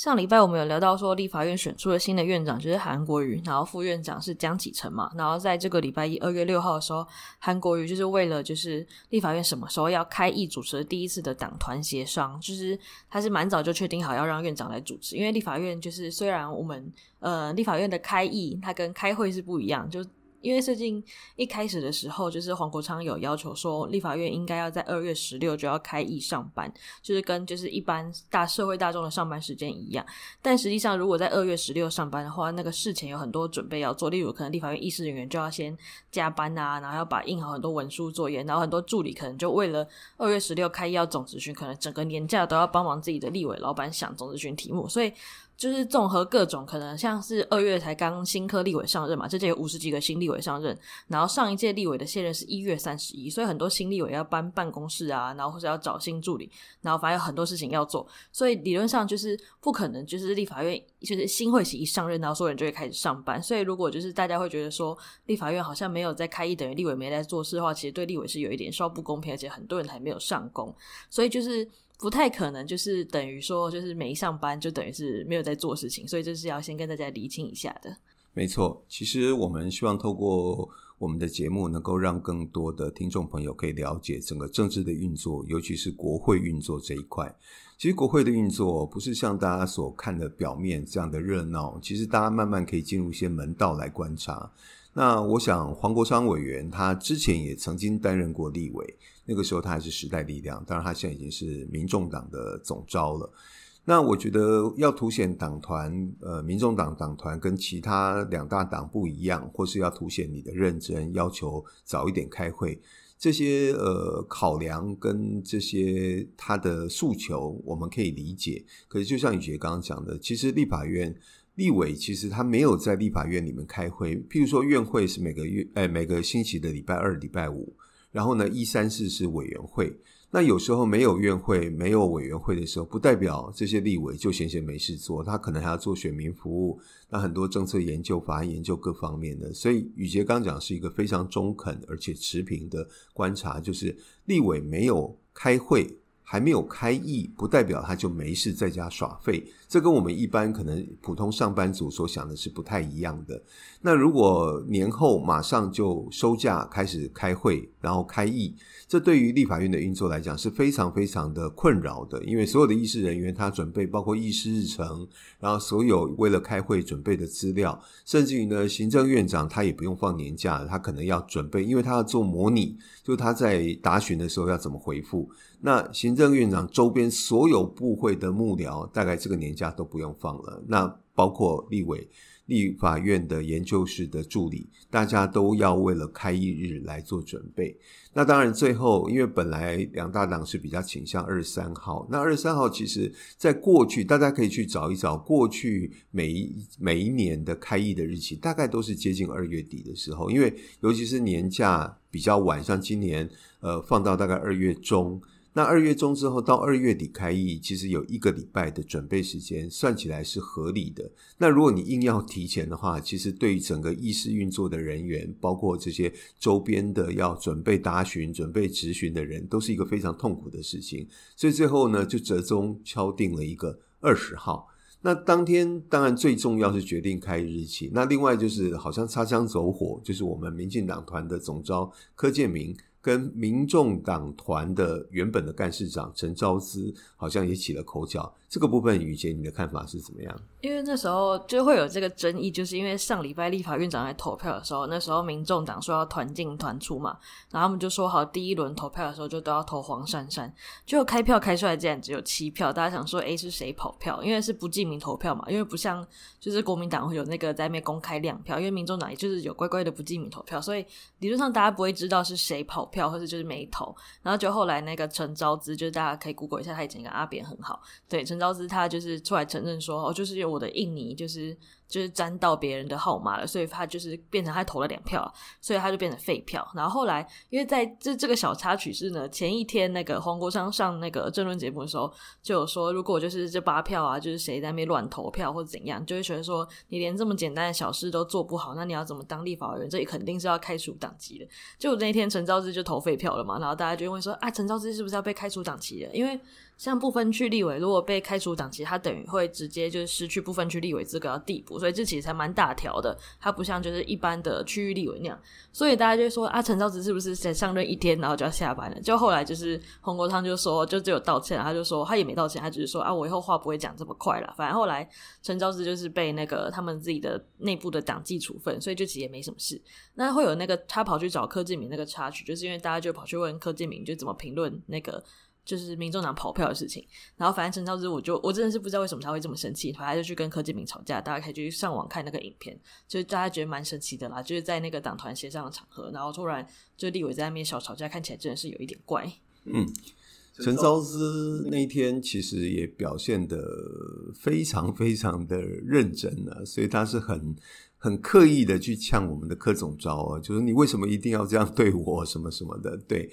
上禮拜我們有聊到說，立法院選出了新的院長就是韓國瑜，然後副院長是江啟臣嘛。然後在這個禮拜一，二月六號的時候，韓國瑜就是為了就是立法院什麼時候要開議，主持的第一次的黨團協商，就是他是蠻早就確定好要讓院長來主持，因為立法院就是雖然我們呃立法院的開議，它跟開會是不一樣，就。因為最近一開始的時候，就是黃國昌有要求說，立法院應該要在二月十六就要開議上班，就是跟就是一般大社會大眾的上班時間一樣。但實際上，如果在二月十六上班的話，那個事前有很多準備要做，例如可能立法院議事人員就要先加班啊，然後要把印好很多文書作業，然後很多助理可能就為了二月十六開議要總質詢，可能整個年假都要幫忙自己的立委老板想總質詢題目，所以。就是綜合各種可能，像是二月才剛新科立委上任嘛，這屆有五十幾個新立委上任，然後上一屆立委的卸任是一月三十一，所以很多新立委要搬辦公室啊，然後或者要找新助理，然後反正有很多事情要做，所以理論上就是不可能，就是立法院就是新會期一上任，然後所有人就會開始上班。所以如果就是大家會覺得說立法院好像沒有在開議，等於立委沒在做事的話，其實對立委是有一點稍不公平，而且很多人還沒有上工，所以就是。不太可能，就是等於說，就是沒上班，就等於是沒有在做事情，所以這是要先跟大家理清一下的。沒錯，其實我們希望透過我們的節目，能夠讓更多的聽眾朋友可以了解整個政治的運作，尤其是國會運作這一塊。其實國會的運作不是像大家所看的表面這樣的熱鬧，其實大家慢慢可以進入一些門道來觀察。那我想，黃國昌委員他之前也曾經擔任過立委，那個時候他還是時代力量，當然他現在已經是民眾黨的總召了。那我覺得要凸顯黨團，呃，民眾黨黨團跟其他兩大黨不一樣，或是要凸顯你的認真，要求早一點開會，這些呃考量、跟這些他的訴求，我們可以理解。可是就像宇杰剛剛講的，其實立法院。立委其實他沒有在立法院裡面開會，譬如說院會是每個月，哎、呃，每個星期的禮拜二、禮拜五，然後呢一、三、四是委員會。那有時候沒有院會、沒有委員會的時候，不代表這些立委就閒閒沒事做，他可能還要做選民服務，那很多政策研究、法案研究各方面的。所以宇杰剛講是一個非常中肯而且持平的觀察，就是立委沒有開會、還沒有開議，不代表他就沒事在家耍廢。這跟我們一般可能普通上班族所想的是不太一樣的。那如果年後馬上就收假開始開會，然後開議，這對於立法院的運作來講是非常非常的困擾的，因為所有的議事人員他準備包括議事日程，然後所有為了開會準備的資料，甚至於呢行政院長他也不用放年假，他可能要準備，因為他要做模擬，就是，他在答詢的時候要怎麼回覆。那行政院長周邊所有部會的幕僚，大概這個年家都不用放了。那包括立委、立法院的研究室的助理，大家都要為了開議日來做準備。那當然，最後因為本來兩大黨是比較傾向二十三號。那二十三號其實在過去，大家可以去找一找過去每一每一年的開議的日期，大概都是接近二月底的時候。因為尤其是年假比較晚，像今年呃放到大概二月中。那二月中之後到二月底開議，其實有一個禮拜的準備時間，算起來是合理的。那如果你硬要提前的話，其實對於整個議事運作的人員，包括這些周邊的要準備答詢、準備質詢的人，都是一個非常痛苦的事情。所以最後呢，就折中敲定了一個二十號。那當天當然最重要是決定開議日期，那另外就是好像擦槍走火，就是我們民進黨團的總召柯建銘，跟民眾黨團的原本的幹事長陳昭姿好像也起了口角。這個部分雨潔，你的看法是怎麼樣？因為那時候就會有這個爭議，就是因為上禮拜立法院長來投票的時候，那時候民眾黨說要團進團出嘛，然後他們就說好，第一輪投票的時候就都要投黃珊珊，就開票開出來竟然只有七票，大家想說，誒是誰跑票？因為是不記名投票嘛，因為不像就是國民黨會有那個在那邊公開亮票，因為民眾黨也就是有乖乖的不記名投票，所以理論上大家不會知道是誰跑票或者就是沒投，然後就後來那個陳昭姿，就是大家可以 Google 一下，他以前跟阿扁很好，對，陳。陳昭姿他就是出來承認說，哦，就是有我的印泥，就是就是沾到別人的號碼了，所以他就是變成他投了兩票，所以他就變成廢票。然後後來因為在這這個小插曲是呢，前一天那個黃國昌上那個政論節目的時候就有說，如果就是這八票啊，就是誰在那邊亂投票或者怎樣，就會覺得說你連這麼簡單的小事都做不好，那你要怎麼當立法委員？這也肯定是要開除黨籍的。就那天陳昭姿就投廢票了嘛，然後大家就問說啊，陳昭姿是不是要被開除黨籍了？因為像不分區立委，如果被開除黨籍，其實他等於會直接就失去不分區立委資格的遞補，所以這其實蠻大條的。他不像就是一般的區域立委那樣，所以大家就說啊，陳昭姿是不是在上任一天，然後就要下班了？就後來就是洪國昌就說，就只有道歉他就說他也沒道歉，他只是說啊，我以後話不會講這麼快了。反正後來陳昭姿就是被那個他們自己的內部的黨紀處分，所以這其實也沒什麼事。那會有那個他跑去找柯建銘那個插曲，就是因為大家就跑去問柯建銘，就怎麼評論那個。就是民眾黨跑票的事情，然後反正陳昭姿我就我真的是不知道為什麼他會這麼生氣，他就去跟柯建銘吵架。大家可以去上網看那個影片，就大家覺得蠻神奇的啦。就是在那個黨團協商的場合，然後突然就立委在那邊小吵架，看起來真的是有一點怪。嗯，陳昭姿那一天其實也表現得非常非常的認真了、啊，所以他是很很刻意的去嗆我們的柯總召啊，就是你為什麼一定要這樣對我，什麼什麼的，對。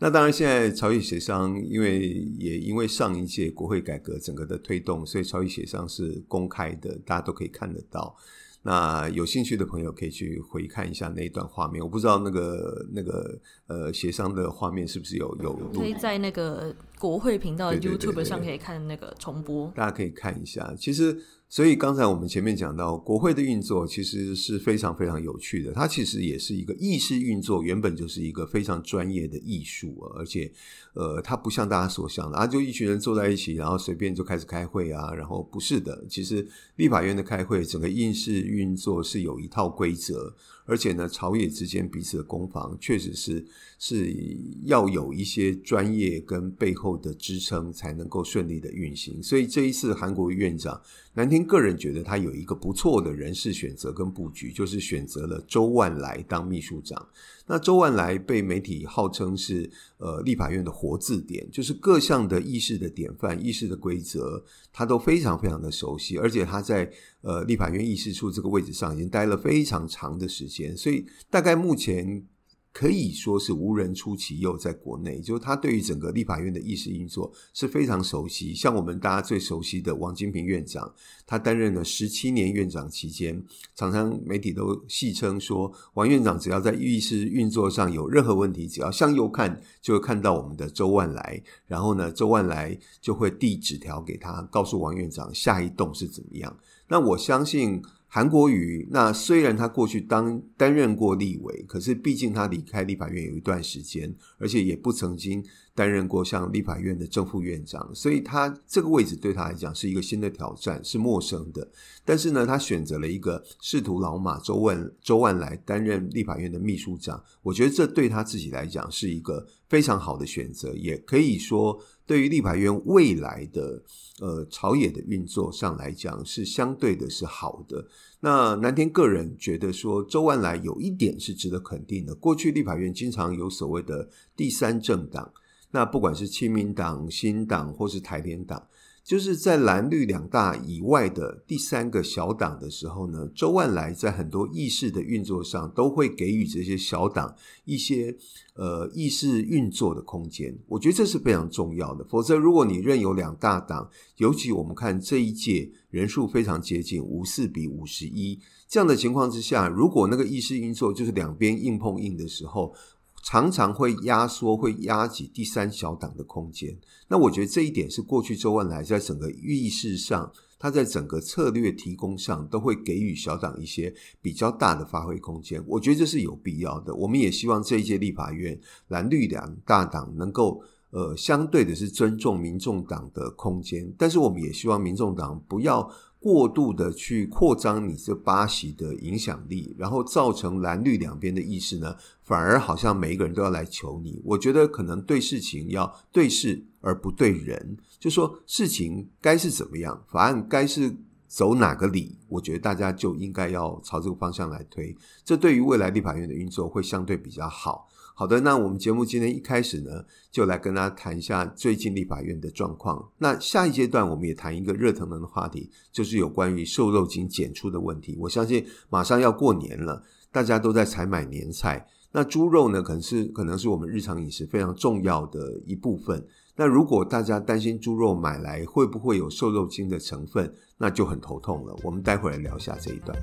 那當然，現在朝野協商，因為也因為上一屆國會改革整個的推動，所以朝野協商是公開的，大家都可以看得到。那有興趣的朋友可以去回看一下那一段畫面。我不知道那個那個呃協商的畫面是不是有有錄以在那個。國會頻道的 YouTube 上可以看那個重播。對對對對對，大家可以看一下。其實，所以剛才我們前面講到，國會的運作其實是非常非常有趣的。它其實也是一個議事運作，原本就是一個非常專業的藝術啊。而且，呃，它不像大家所想的，啊，就一群人坐在一起，然後隨便就開始開會啊。然後不是的，其實立法院的開會，整個議事運作是有一套規則。而且呢，朝野之間彼此的攻防，確實是是要有一些專業跟背後。的支撐才能夠順利的運行，所以這一次韓國瑜院長，南天個人覺得他有一個不錯的人事選擇跟布局，就是選擇了周萬來當秘書長。那周萬來被媒體號稱是呃立法院的活字典，就是各項的議事的典範、議事的規則，他都非常非常的熟悉，而且他在呃立法院議事處這個位置上已經待了非常長的時間，所以大概目前。可以說是無人出其右，在國內，就是他對於整個立法院的議事運作是非常熟悉。像我們大家最熟悉的王金平院長，他擔任了十七年院長期間，常常媒體都戲稱說，王院長只要在議事運作上有任何問題，只要向右看就會看到我們的周萬來，然後呢，周萬來就會遞紙條給他，告訴王院長下一動是怎麼樣。那我相信。韓國瑜，那雖然他過去當，擔任過立委，可是畢竟他離開立法院有一段時間，而且也不曾經。擔任過像立法院的正副院長，所以他這個位置對他來講是一個新的挑戰，是陌生的。但是呢，他選擇了一個仕途老馬周萬周萬來擔任立法院的秘書長，我覺得這對他自己來講是一個非常好的選擇，也可以說對於立法院未來的呃朝野的運作上來講是相對的是好的。那南天個人覺得說周萬來有一點是值得肯定的，過去立法院經常有所謂的第三政黨。那不管是親民黨、新黨或是台聯黨，就是在藍綠兩大以外的第三個小黨的時候呢，周萬來在很多議事的運作上都會給予這些小黨一些呃議事運作的空間。我覺得這是非常重要的。否則，如果你任由兩大黨，尤其我們看這一屆人數非常接近，五四比五十一這樣的情況之下，如果那個議事運作就是兩邊硬碰硬的時候。常常會壓縮、會壓擠第三小黨的空間。那我覺得這一點是過去周萬來在整個議事上，他在整個策略提供上，都會給予小黨一些比較大的發揮空間。我覺得這是有必要的。我們也希望這一屆立法院藍綠兩大黨能夠，呃，相對的是尊重民眾黨的空間。但是我們也希望民眾黨不要。過度的去擴張你這八席的影響力，然後造成藍綠兩邊的意思呢，反而好像每一個人都要來求你。我覺得可能對事情要對事而不對人，就說事情該是怎麼樣，法案該是走哪個理，我覺得大家就應該要朝這個方向來推。這對於未來立法院的運作會相對比較好。好的，那我們節目今天一開始呢，就來跟大家談一下最近立法院的狀況。那下一階段，我們也談一個熱騰騰的話題，就是有關於瘦肉精檢出的問題。我相信馬上要過年了，大家都在採買年菜，那豬肉呢，可能是可能是我們日常飲食非常重要的一部分。那如果大家擔心豬肉買來會不會有瘦肉精的成分，那就很頭痛了。我們待會兒來聊一下這一段。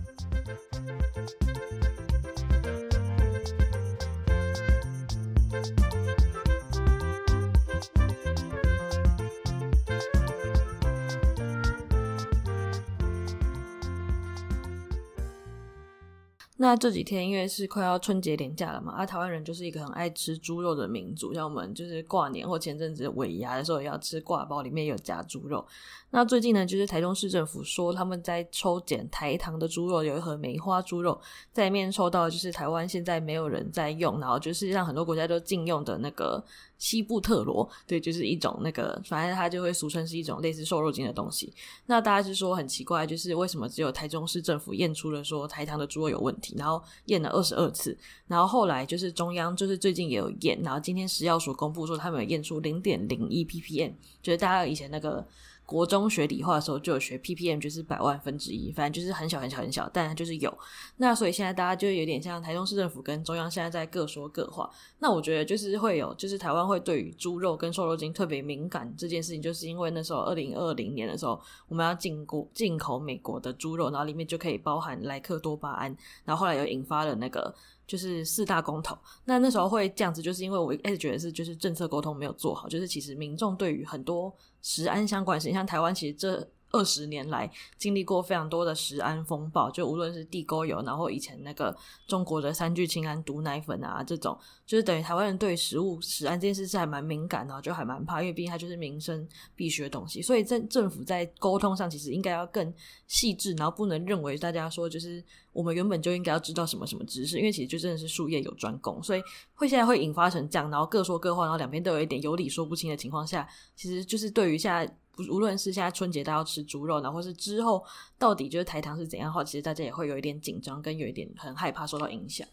那這幾天因為是快要春節年假了嘛，啊，台灣人就是一個很愛吃豬肉的民族，像我們就是過年或前陣子尾牙的時候也要吃刈包，裡面有夾豬肉。那最近呢，就是台中市政府說他們在抽檢台糖的豬肉，有一盒梅花豬肉在裡面抽到，就是台灣現在沒有人在用，然後就是讓很多國家都禁用的那個。西布特羅，對，就是一種那個，反正它就會俗稱是一種類似瘦肉精的東西。那大家就說很奇怪，就是為什麼只有台中市政府驗出了說台糖的豬肉有問題，然後驗了二十二次，然後後來就是中央就是最近也有驗，然後今天食藥署公布說他們有驗出零點零一 ppm，就是大家以前那個。國中學理化的時候就有學，ppm 就是百萬分之一，反正就是很小很小很小，但就是有。那所以現在大家就有點像台中市政府跟中央現在在各說各話。那我覺得就是會有，就是台灣會對於豬肉跟瘦肉精特別敏感這件事情，就是因為那時候二零二零年的時候，我們要進國進口美國的豬肉，然後裡面就可以包含萊克多巴胺，然後後來又引發了那個。就是四大公投，那那時候會這樣子，就是因為我一開始，欸、覺得是，就是政策溝通沒有做好，就是其實民眾對於很多食安相關的事情，像台灣其實這二十年來經歷過非常多的食安風暴，就無論是地溝油，然後以前那個中國的三聚氰胺毒奶粉啊，這種就是等於台灣人對食物食安這件事是還蠻敏感的，然後就還蠻怕，因為畢竟它就是民生必需的東西。所以在政府在溝通上，其實應該要更細緻，然後不能認為大家說就是我們原本就應該要知道什麼什麼知識，因為其實就真的是術業有專攻，所以會現在會引發成這樣，然後各說各話，然後兩邊都有一點有理說不清的情況下，其實就是對於現在。不，無論是現在春節大家要吃豬肉，然後是之後到底就是台糖是怎樣的話，話其實大家也會有一點緊張，跟有一點很害怕受到影響。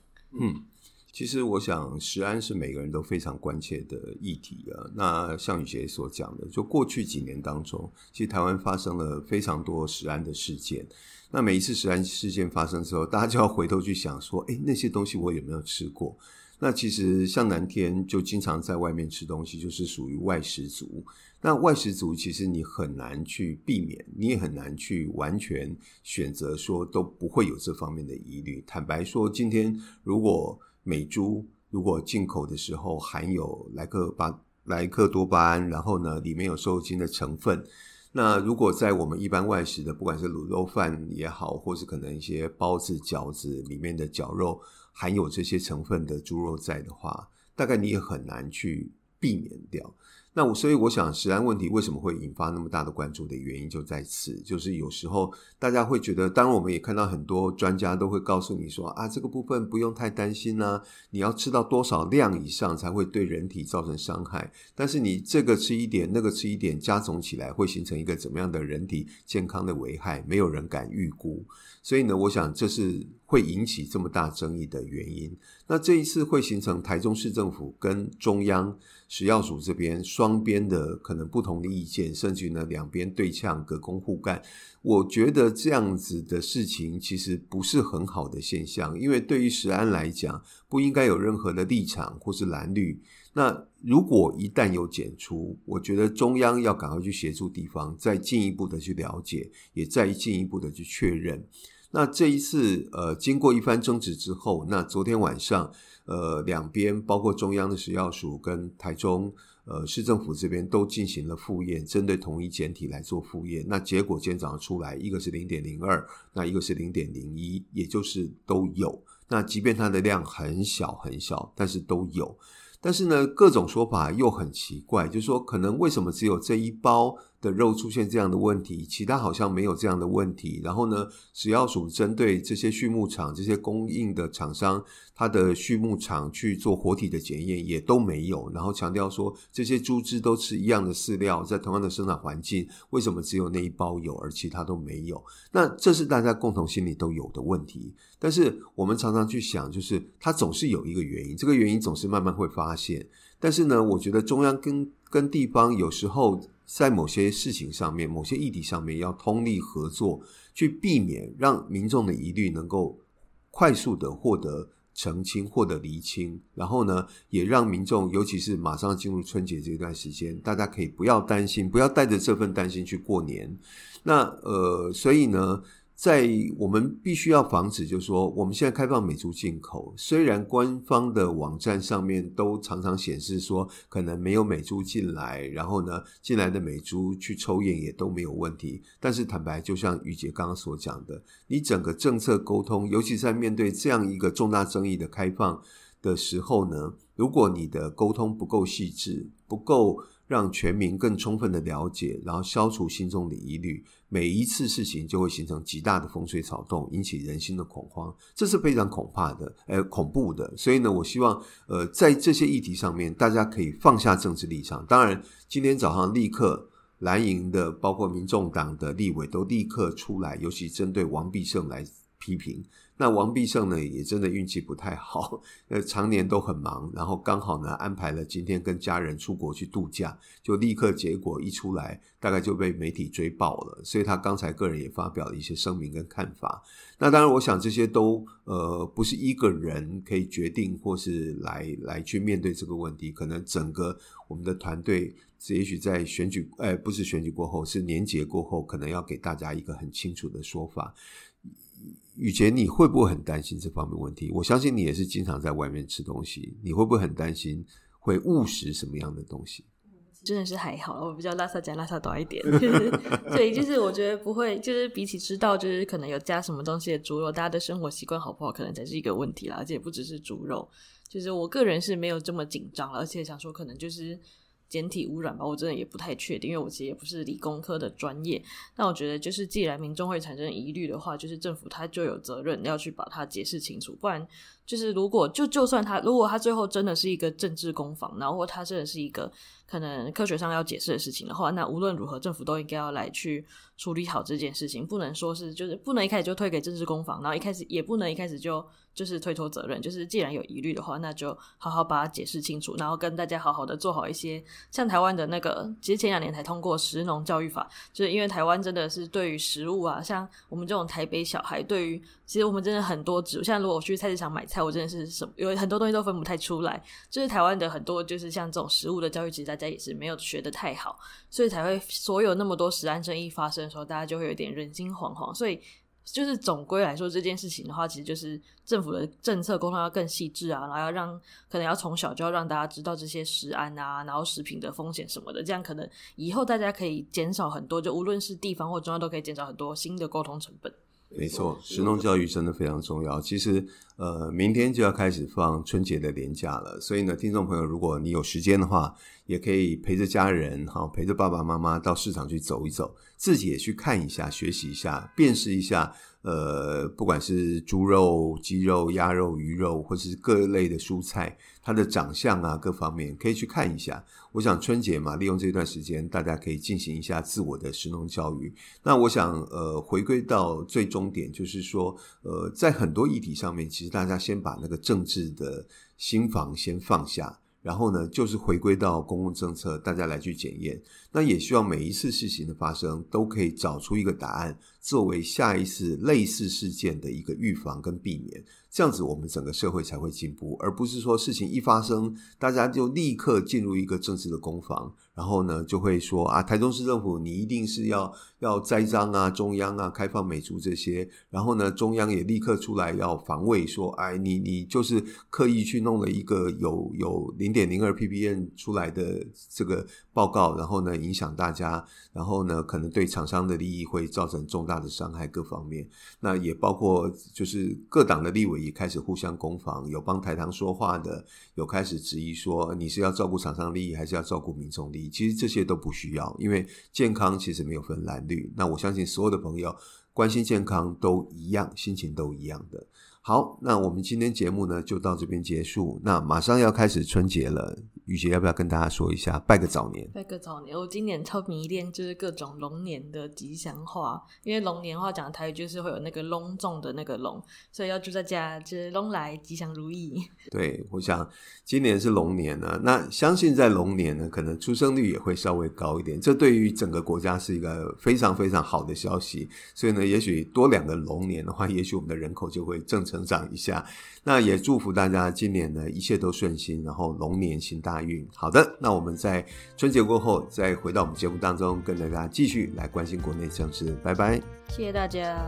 嗯，其實我想食安是每個人都非常關切的議題啊。那像雨杰所講的，就過去幾年當中，其實台灣發生了非常多食安的事件。那每一次食安事件發生之後，大家就要回頭去想說，哎，那些東西我有沒有吃過？那其實像南天就經常在外面吃東西，就是屬於外食族。那外食族其實你很難去避免，你也很難去完全選擇說都不會有這方面的疑慮。坦白說，今天如果美豬如果進口的時候含有萊克巴萊克多巴胺，然後呢，裡面有瘦肉精的成分，那如果在我們一般外食的，不管是滷肉飯也好，或是可能一些包子餃子裡面的絞肉含有這些成分的豬肉在的話，大概你也很難去避免掉。那我所以我想，食安問題為什麼會引發那麼大的關注的原因就在此，就是有時候大家會覺得，當然我們也看到很多專家都會告訴你說啊，這個部分不用太擔心呢、啊，你要吃到多少量以上才會對人體造成傷害，但是你這個吃一點，那個吃一點，加總起來會形成一個怎麼樣的人體健康的危害，沒有人敢預估，所以呢，我想這是會引起這麼大爭議的原因。那這一次會形成台中市政府跟中央。食藥署這邊雙邊的可能不同的意見，甚至呢兩邊對嗆隔空互幹，我覺得這樣子的事情其實不是很好的現象，因為對於食安來講，不應該有任何的立場或是藍綠。那如果一旦有檢出，我覺得中央要趕快去協助地方，再進一步的去了解，也再進一步的去確認。那這一次呃經過一番爭執之後，那昨天晚上。呃，兩邊包括中央的食藥署跟台中呃市政府這邊都進行了複驗，針對同一檢體來做複驗。那結果今天早上出來，一個是零點零二，那一個是零點零一，也就是都有。那即便它的量很小很小，但是都有。但是呢，各種說法又很奇怪，就是說可能為什麼只有這一包？的肉出現這樣的問題，其他好像沒有這樣的問題。然後呢，只要屬針對這些畜牧場、這些供應的廠商，它的畜牧場去做活體的檢驗，也都沒有。然後強調說，這些豬隻都吃一樣的飼料，在同樣的生產環境，為什麼只有那一包有，而其他都沒有？那這是大家共同心裡都有的問題。但是我們常常去想，就是它總是有一個原因，這個原因總是慢慢會發現。但是呢，我覺得中央跟跟地方有時候。在某些事情上面，某些議題上面，要通力合作，去避免讓民眾的疑慮能夠快速的獲得澄清，獲得釐清，然後呢，也讓民眾，尤其是馬上進入春節這段時間，大家可以不要擔心，不要帶着這份擔心去過年。那呃，所以呢。在我們必須要防止，就是說，我們現在開放美豬進口。雖然官方的網站上面都常常顯示說，可能沒有美豬進來，然後呢，進來的美豬去抽驗也都沒有問題。但是，坦白就像於杰剛剛所講的，你整個政策溝通，尤其在面對這樣一個重大爭議的開放的時候呢，如果你的溝通不夠細緻，不夠。讓全民更充分的了解，然後消除心中的疑慮。每一次事情就會形成極大的風吹草動，引起人心的恐慌，這是非常可怕的，呃，恐怖的。所以呢，我希望，呃，在這些議題上面，大家可以放下政治立場。當然，今天早上立刻藍營的，包括民眾黨的立委都立刻出來，尤其針對王必勝來批評。那王必勝呢，也真的運氣不太好。呃，常年都很忙，然後剛好呢，安排了今天跟家人出國去度假，就立刻結果一出來，大概就被媒體追爆了。所以他剛才個人也發表了一些聲明跟看法。那當然，我想這些都呃不是一個人可以決定或是來來去面對這個問題。可能整個我們的團隊是，也許在選舉呃不是選舉過後，是年節過後，可能要給大家一個很清楚的說法。雨杰，你會不會很擔心這方面問題？我相信你也是經常在外面吃東西，你會不會很擔心會誤食什麼樣的東西，嗯。真的是還好，我比較拉薩加拉薩多一點， 就是，對，就是我覺得不會，就是比起吃到就是可能有加什麼東西的豬肉，大家的生活習慣好不好，可能才是一個問題啦。而且不只是豬肉，就是我個人是沒有這麼緊張了，而且想說可能就是。簡體污染吧，我真的也不太確定，因為我其實也不是理工科的專業。那我覺得，就是既然民眾會產生疑慮的話，就是政府他就有責任要去把它解釋清楚，不然。就是如果就就算他如果他最後真的是一個政治攻防，然後他真的是一個可能科學上要解釋的事情的話，那無論如何政府都應該要來去處理好這件事情，不能說是就是不能一開始就推給政治攻防，然後一開始也不能一開始就就是推脫責任，就是既然有疑慮的話，那就好好把它解釋清楚，然後跟大家好好的做好一些像臺灣的那個，其實前兩年才通過食農教育法，就是因為臺灣真的是對於食物啊，像我們這種臺北小孩，對於其實我們真的很多食物，像如果我去菜市場買。才我真的是什麼，有很多東西都分不太出來，就是台灣的很多就是像這種食物的教育，其實大家也是沒有學得太好，所以才會所有那麼多食安爭議發生的時候，大家就會有點人心惶惶。所以就是總歸來說，這件事情的話，其實就是政府的政策溝通要更細緻啊，然後要讓可能要從小就要讓大家知道這些食安啊，然後食品的風險什麼的，這樣可能以後大家可以減少很多，就無論是地方或中央都可以減少很多新的溝通成本。沒錯，食農教育真的非常重要，嗯，其實。呃，明天就要開始放春節的連假了，所以呢，聽眾朋友，如果你有時間的話，也可以陪着家人哈，陪着爸爸媽媽到市場去走一走，自己也去看一下、學習一下、辨識一下。呃，不管是豬肉、雞肉、鴨肉、魚肉，或者是各類的蔬菜，它的長相啊各方面，可以去看一下。我想春節嘛，利用這段時間，大家可以進行一下自我的食農教育。那我想，呃，回歸到最終點，就是說，呃，在很多議題上面，其實大家先把那個政治的心防先放下，然後呢，就是回歸到公共政策，大家來去檢驗。那也希望每一次事情的發生，都可以找出一個答案，作為下一次類似事件的一個預防跟避免。這樣子，我們整個社會才會進步，而不是說事情一發生，大家就立刻進入一個政治的攻防。然後呢，就會說啊，台中市政府你一定是要要栽贓啊，中央啊，開放美豬這些。然後呢，中央也立刻出來要防衛，說哎，你你就是刻意去弄了一個有有零點零二 ppm 出來的這個報告，然後呢影響大家，然後呢可能對廠商的利益會造成重大的傷害，各方面。那也包括就是各黨的立委。也開始互相攻防，有幫台糖說話的，有開始質疑說你是要照顧廠商利益，還是要照顧民眾利益？其實這些都不需要，因為健康其實沒有分藍綠。那我相信所有的朋友關心健康都一樣，心情都一樣的。好，那我們今天節目呢就到這邊結束。那馬上要開始春節了。雨杰要不要跟大家說一下拜個早年？拜個早年！我今年超迷戀就是各種龍年的吉祥話，因為龍年話講的台語就是會有那個隆重的那個龍，所以要祝大家就是龍來吉祥如意。對，我想今年是龍年呢，那相信在龍年呢，可能出生率也會稍微高一點，這對於整個國家是一個非常非常好的消息。所以呢，也許多兩個龍年的話，也許我們的人口就會正成長一下。那也祝福大家今年呢一切都順心，然後龍年行大。好的，那我們在春節過後再回到我們節目當中，跟大家繼續來關心國內政事。拜拜，謝謝大家。